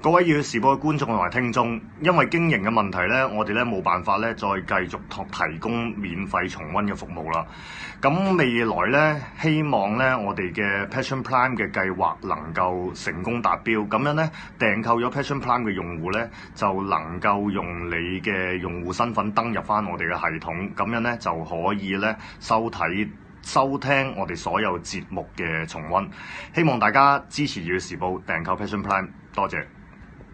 各位《要視報》嘅觀眾同埋聽眾，因為經營嘅問題咧，我哋咧冇辦法咧再繼續提供免費重温嘅服務啦。咁未來咧，希望咧我哋嘅 Passion Prime 嘅計劃能夠成功達標。咁樣咧，訂購咗 Passion Prime 嘅用戶咧，就能夠用你嘅用戶身份登入翻我哋嘅系統，咁樣咧就可以咧收睇收聽我哋所有節目嘅重温。希望大家支持《要視報》，訂購 Passion Prime，多謝。